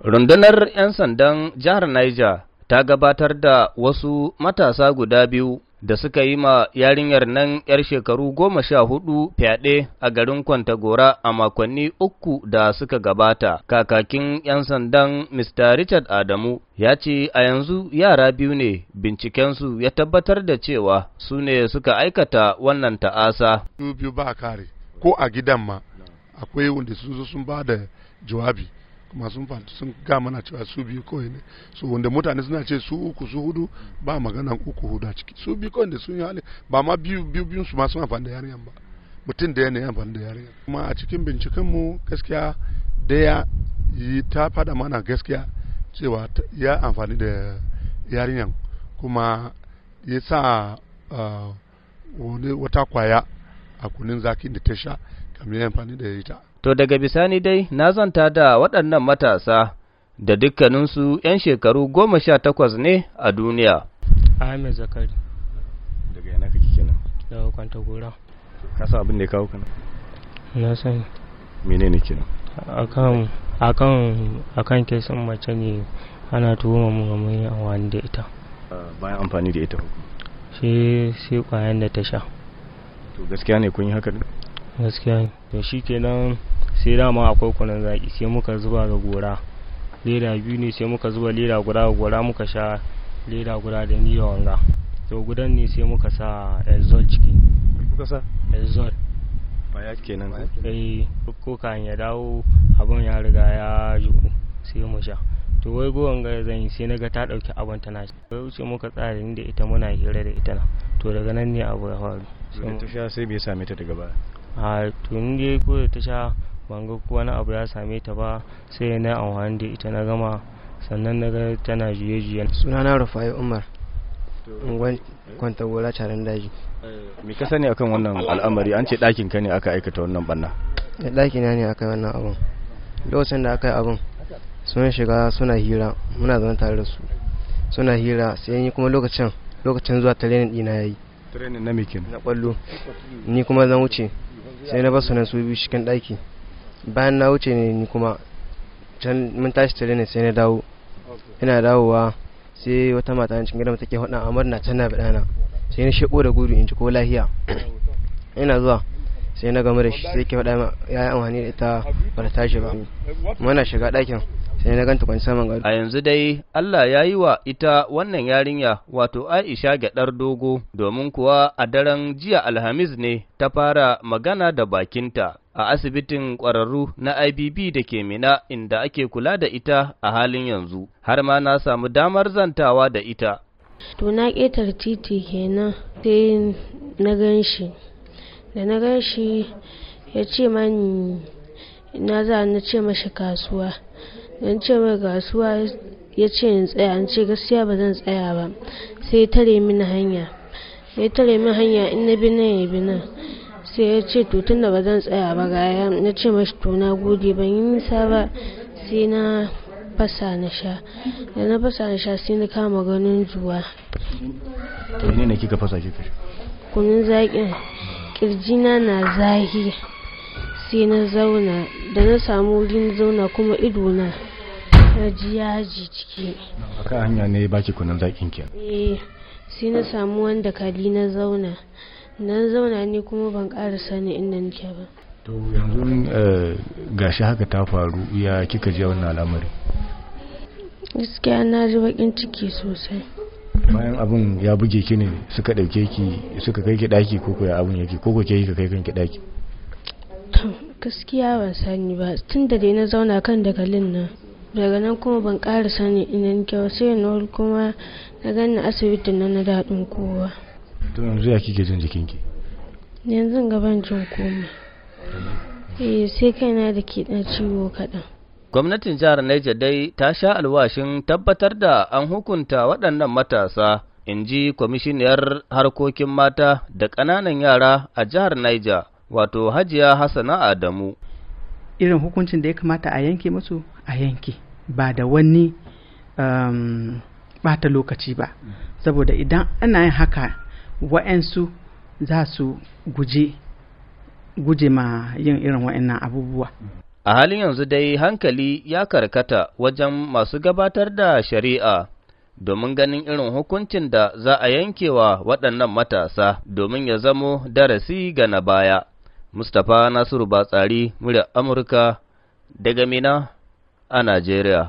Rundunar 'yan sandan jihar Niger ta gabatar da wasu matasa guda biyu da suka yi ma yarinyar nan 'yar shekaru goma sha hudu fyaɗe a garin Kwantagora a makonni uku da suka gabata. Kakakin 'yan sandan Mr. Richard Adamu ya ce a yanzu yara biyu ne bincikensu ya tabbatar da cewa su ne suka aikata wannan ta'asa. Biyu ba kare, ko a gidan ma akwai wanda sun ba da jawabi. masu fanti sun ga mana cewa su biyu kawai ne so wanda mutane suna ce su uku su hudu ba maganan uku hudu a ciki su biyu kawai da sun yi hali ba ma biyu biyu biyun su masu amfani da yarinyan ba mutum da yanayi amfani da yarinyan kuma a cikin binciken mu gaskiya daya yi ta fada mana gaskiya cewa ya amfani da yarinyan kuma ya sa ah, wata kwaya a kunin zakin da ta sha kamar ya amfani da ita To daga bisani dai na zanta da waɗannan matasa da dukkaninsu ‘yan shekaru goma sha takwas ne a duniya. Ahmed Zakari. Daga yana kake kenan? Daga kwanta gora. Kasa abin da ya kawo kana? Na sani. Mene ne kenan? Akan akan akan kesan mace ne ana tuhuma mu mun yi amfani da ita. Ah, bayan amfani da ita hukum. Shi sai kwayan da ta sha. To gaskiya ne kun yi haka ne? Gaskiya ne. To shi shikenan sai dama akwai kunan zaki sai muka zuba ga gora leda biyu ne sai muka zuba leda guda ga gora muka sha leda guda da ni da wanga to gudan ne sai muka sa exhaust ciki kuka sa exot baya kenan eh ko kan ya dawo abun ya riga ya juku sai mu sha to wai gowan ga zan yi sai naga ta dauki abin tana wai wuce muka tsare ni da ita muna hira da ita na to daga nan ne abu ya faru sai ta sha sai bai same ta daga baya a to ni dai ko ta sha ban ga wani abu ya same ta ba sai na amfani da ita na gama sannan na ga tana juye-juye sunana rufai umar unguwan kwanta gola taron daji mai kasa sani akan wannan al'amari an ce ɗakin ka ne aka aikata wannan banna na ne aka wannan abun lokacin da aka yi abun sun shiga suna hira muna zama tare da su suna hira sai yi kuma lokacin lokacin zuwa training ɗina ya yi training na mikin na kwallo ni kuma zan wuce sai na basu na su biyu cikin ɗaki bayan na wuce ne ni kuma can mun tashi tare ne sai na dawo ina dawowa sai wata mata a cikin gidan take hada amar na tana na sai na shebo da gudu in ci ko lahiya ina zuwa sai na gamu da shi sai ke faɗa ya yi amfani da ita ba tashi ba mana shiga ɗakin sai na ganta kwanci saman gado a yanzu dai Allah ya yi wa ita wannan yarinya wato Aisha gyaɗar dogo domin kuwa a daren jiya Alhamis ne ta fara magana da bakinta a asibitin ƙwararru na IBB da ke Mina inda ake kula da ita a halin yanzu, har ma na samu damar zantawa da ita. To na ƙetar titi kenan sai na gan shi, da na gan shi ya ce mani na za na ce mashi kasuwa, don ce mai kasuwa ya ce in tsaya, an ce gaskiya ba zan tsaya ba, sai tare mini hanya, ya tare mini hanya in na bi nan ya bi nan. sai ya ce to tunda ba zan tsaya ba gaya na ce mashi to na gode ban yi nisa ba sai na fasa na sha da na fasa na sha sai na kama ganin zuwa ne na kika fasa kika shi. kunun zaƙin kirjina na zahi sai na zauna da na samu wurin zauna kuma idona na ji yaji ciki ka hanya ne baki kunun zaƙin ke eh, sai na samu wanda kali na zauna nan zauna ne kuma ban ƙara sani inda nake ba to yanzu eh, gashi haka ta faru ya kika ji wannan al'amari gaskiya na ji bakin ciki sosai bayan abin ya buge ki ne suka dauke ki suka kai ki daki ko ko ya abin yake ko ko ke ka kai kanki daki gaskiya ban sani ba tun da dai na zauna kan dagalin nan daga nan kuma ban ƙara sani inda nake sai na kuma na gani asibitin nan na daɗin kowa to yanzu ya kike jin ki yanzu gaban jin koma eh sai na da ke dan ciwo gwamnatin jihar Niger dai ta sha alwashin tabbatar da an hukunta waɗannan matasa in ji kwamishiniyar harkokin mata da ƙananan yara a jihar Niger wato hajiya hassana adamu irin hukuncin da ya kamata a yanke musu a yanke ba da wani um, bata lokaci ba mm. saboda idan ana yin haka wa'ansu za su guje guje ma yin irin wa'annan abubuwa a halin yanzu dai hankali ya karkata wajen masu gabatar da shari'a domin ganin irin hukuncin da za a yankewa waɗannan matasa domin ya zamo darasi ga na baya mustapha nasiru batsari murya amurka daga mina a najeriya